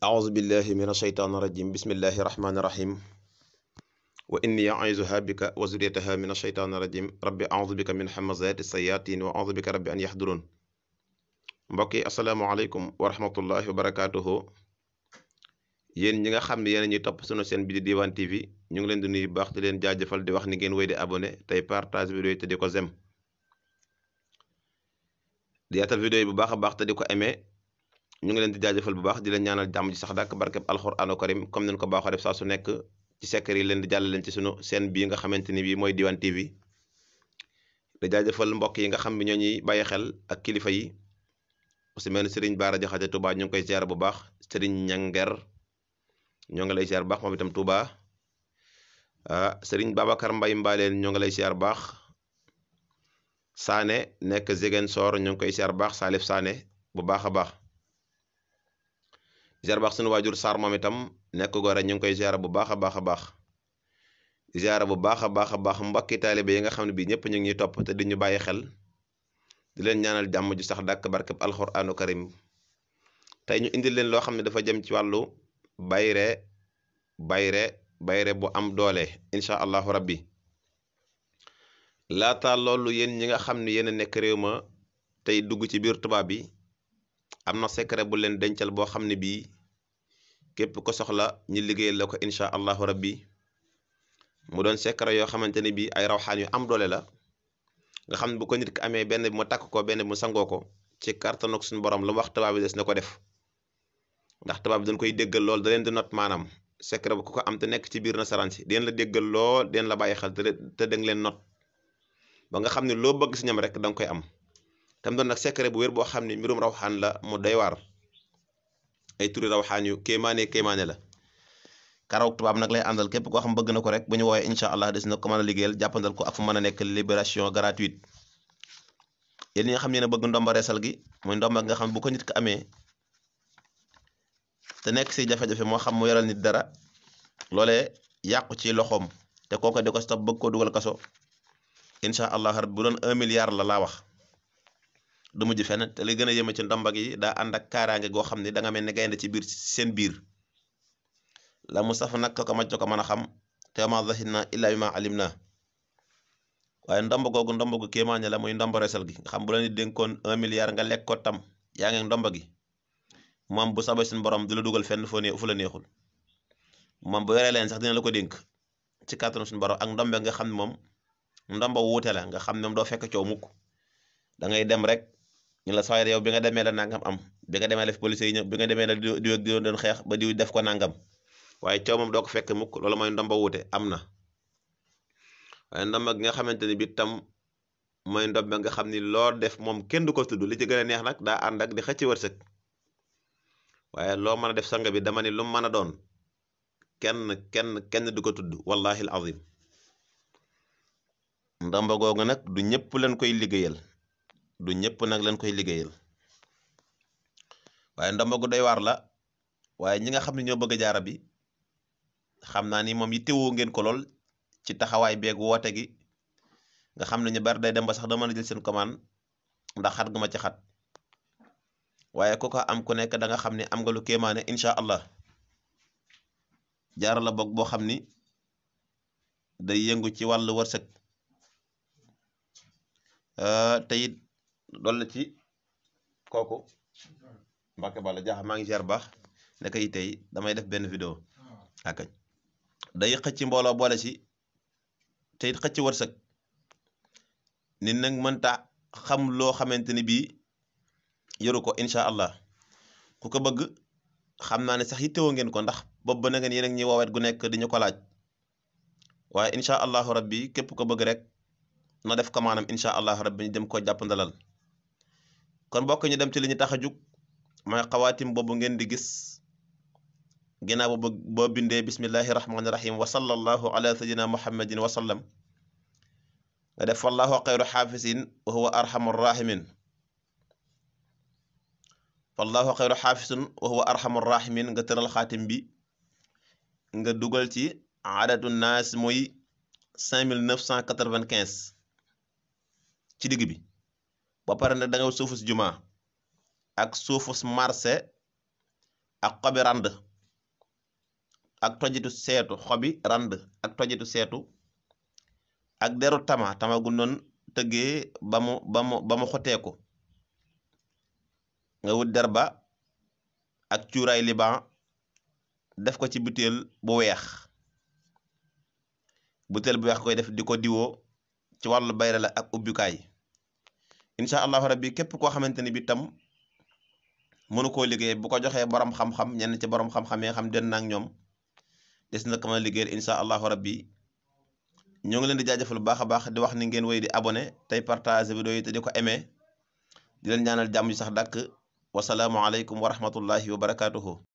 auzu billahi min asheytaani rajim bismillahi rahmaani rahim wa inni aizuha bika wa zuriyataha min asheytaani rajim rabbi auzu bika min hamazati sayatin wa auzu bika rabbi an yaxdurun mbokki yi asalaamaaleykum wa rahmatullahi wa barakaatuhu ñi nga xam ne yéen ñuy topp sunu seen bi di TV ñu ngi leen di nuyu baax di leen jaajëfal di wax ni ngeen wéy di abonné tey partage vidéo yi te di ko zem di yaatal yi bu baax a baax te ko aimé ñu ngi leen di jaajëfal bu baax di leen ñaanal jàmm ji sax dàkk barkeb alxuraanu karim comme nañ ko baaxoo def saa su nekk ci sekkar yi leen di jàll leen ci sunu seen bii nga xamante ni bii mooy Diwane TV di jaajëfal mbokk yi nga xam ne ñoo ñuy bàyyi xel ak kilifa yi su mel ne Serigne Bara Jaxate Touba ñu ngi koy ziar bu baax Serigne Ñanger ñoo ngi lay ziar bu baax moom itam Touba ah Serigne Babacar Mbaye Mbaleen ñoo ngi lay ziar bu baax Sané nekk Ziguinchor ñu ngi koy ziar bu baax Salif Sané bu baax a baax. ziar baax suñu waajur Sarr moom itam nekk gore ñu ngi koy ziar bu baax a baax a baax ziar bu baax a baax a baax mbokki bi yi nga xam ne bii ñëpp ñu ngi ñuy topp te di ñu bàyyi xel di leen ñaanal jàmm ju sax dàkk barkeb alxuraanu karim tey ñu indil leen loo xam ne dafa jëm ci wàllu bayre bayre bayre bu am doole incha allahu rabbi laata loolu yéen ñi nga xam ne yéen a nekk réew tey dugg ci biir tubaab bi. am na secret bu leen dencal boo xam ne bii képp ko soxla ñu liggéeyal la ko incha allahu rabbi mu doon secret yoo xamante ne bii ay raw xaan yu am doole la nga xam ne bu ko nit ki amee benn bi mu takk ko benn bi mu sangoo ko ci kàttanu ak suñu borom lu wax tubaab bi des na ko def ndax tubaab bi dañ koy déggal lool da leen di not maanaam secret bu ku ko am te nekk ci biir nasaraan si deen la déggal lool deen la bàyyi xel te te danga leen not ba nga xam ne loo bëgg si rek danga koy am. tam doon nag secret bu wér boo xam ne mbirum rawxaan la mu doy waar ay turi yu kéemaane kéemaane la karaw nag lay àndal képp koo xam bëgg na ko rek bu ñu woowee incha allah des na ko mën a liggéeyal jàppandal ko ak fu mën a nekk libération gratuite yéen ñi xam ne ne bëgg ndomba reesal gi muy ndomba nga xam bu ko nit ko amee te nekk si jafe-jafe moo xam mu yoral nit dara loolee yàqu ci loxoom te kooku di ko stop bëgg koo dugal kaso incha allah bu doon un milliard la laa wax du mujj fenn te li gën a yéeme ci ndombag yi daa ànd ak kaaraange goo xam ne danga nga mel ne gaynde ci biir seen biir la mu saf nag ko maj ko mën a xam te ma zahid na illa bi ma alim na waaye ndomb googu ndomb gu kéemaan la mooy ndomb resal gi nga xam bu la dénkoon un milliard nga lekk ko tam yaa ngi ndomb gi moom bu saba suñu borom du la dugal fenn foo ne fu la neexul moom bu yoree leen sax dina la ko dénk ci kàttanu suñu borom ak ndombe nga xam ne moom ndomba wuute la nga xam ne doo fekk coow mukk ngay dem rek. ñu la sawaay yow bi nga demee la nangam am bi nga demee la fi policiers yi bi nga demee la diw ak diw doon xeex ba diw def ko nangam waaye coow moom doo ko fekk mukk loolu mooy ndomba wuute am na waaye ndomba gi nga xamante ni bi tam mooy ndomba nga xam ni loo def moom kenn du ko tudd li ci gën a neex nag daa ànd ak di xëcc wërsëg waaye loo mën a def sang bi dama ni lu mën a doon kenn kenn kenn du ko tudd wallahi al azim ndomba googu nag du ñëpp leen koy liggéeyal du ñëpp nag lañ koy liggéeyal waaye ndomba gu doy waar la waaye ñi nga xam ne ñoo bëgg a jaara bi xam naa ni moom yi yittewoo ngeen ko lool ci taxawaay beeg woote gi nga xam ne ñu bari day dem ba sax dama mën a jël seen commande ndax xat gu ma ci xat waaye ku ko am ku nekk da nga xam ne am nga lu kéemaane incha allah jaara la boog boo xam ni day yëngu ci wàllu wërsëg te it dool la ci kooku Mbacke bala jaaxa maa ngi ziar baax ne kay damay def benn vidéo akañ day xëcc mbooloo boole si te it xëcc wërsëg ni nag mënta xam loo xamante ni bii yoru ko incha allah ku ko bëgg xam naa ne sax yittewoo ngeen ko ndax boob ba na ngeen yi ak ñi woowet gu nekk di ñu ko laaj waaye incha allahu rabbi képp ko bëgg rek na def ko maanaam incha allahu rabbi ñu dem koo jàpp ndalal kon bokk ñu dem ci li ñu tax a jug mooy boobu ngeen di gis ginnaaw boobu boo bindee bismillahi rahmaani rahim wa sallallahu ala sayyidina muhammadin wa sallam nga def wallahu xayru xaafisin wa huwa arhamur rahimin wallahu xayru xaafisin wa huwa arhamur rahimin nga tëral xaatim bi nga dugal ci adadu naas muy cinq mille neuf cent quatre-vingt-quinze ci digg bi ba pare na da nga suufus jumaa ak suufus marché ak xobi rand ak tojitu seetu xobi rand ak tojitu seetu ak deru tama tama gu noon tëggee ba mu ba mu xoteeku nga wut der ba ak cuuraay liban def ko ci butéel bu weex butéel bu weex koy def di ko diwoo ci wàllu bayre la ak ubbikaay incha allahu rabbi képp koo xamante ni bi tam mënu koo liggéey bu ko joxee borom xam-xam ñenn ci borom xam-xam xam den ak ñoom des na ko mën a liggéeyal incha allahu rabbi ñoo ngi leen di jaajëfal bu baax a baax di wax ni ngeen wéy di abone tey partager vidéo yi te di ko emee di leen ñaanal jàmm ji sax dàkk wasalaamualeykum wa rahmatullahi wa barakaatuhu.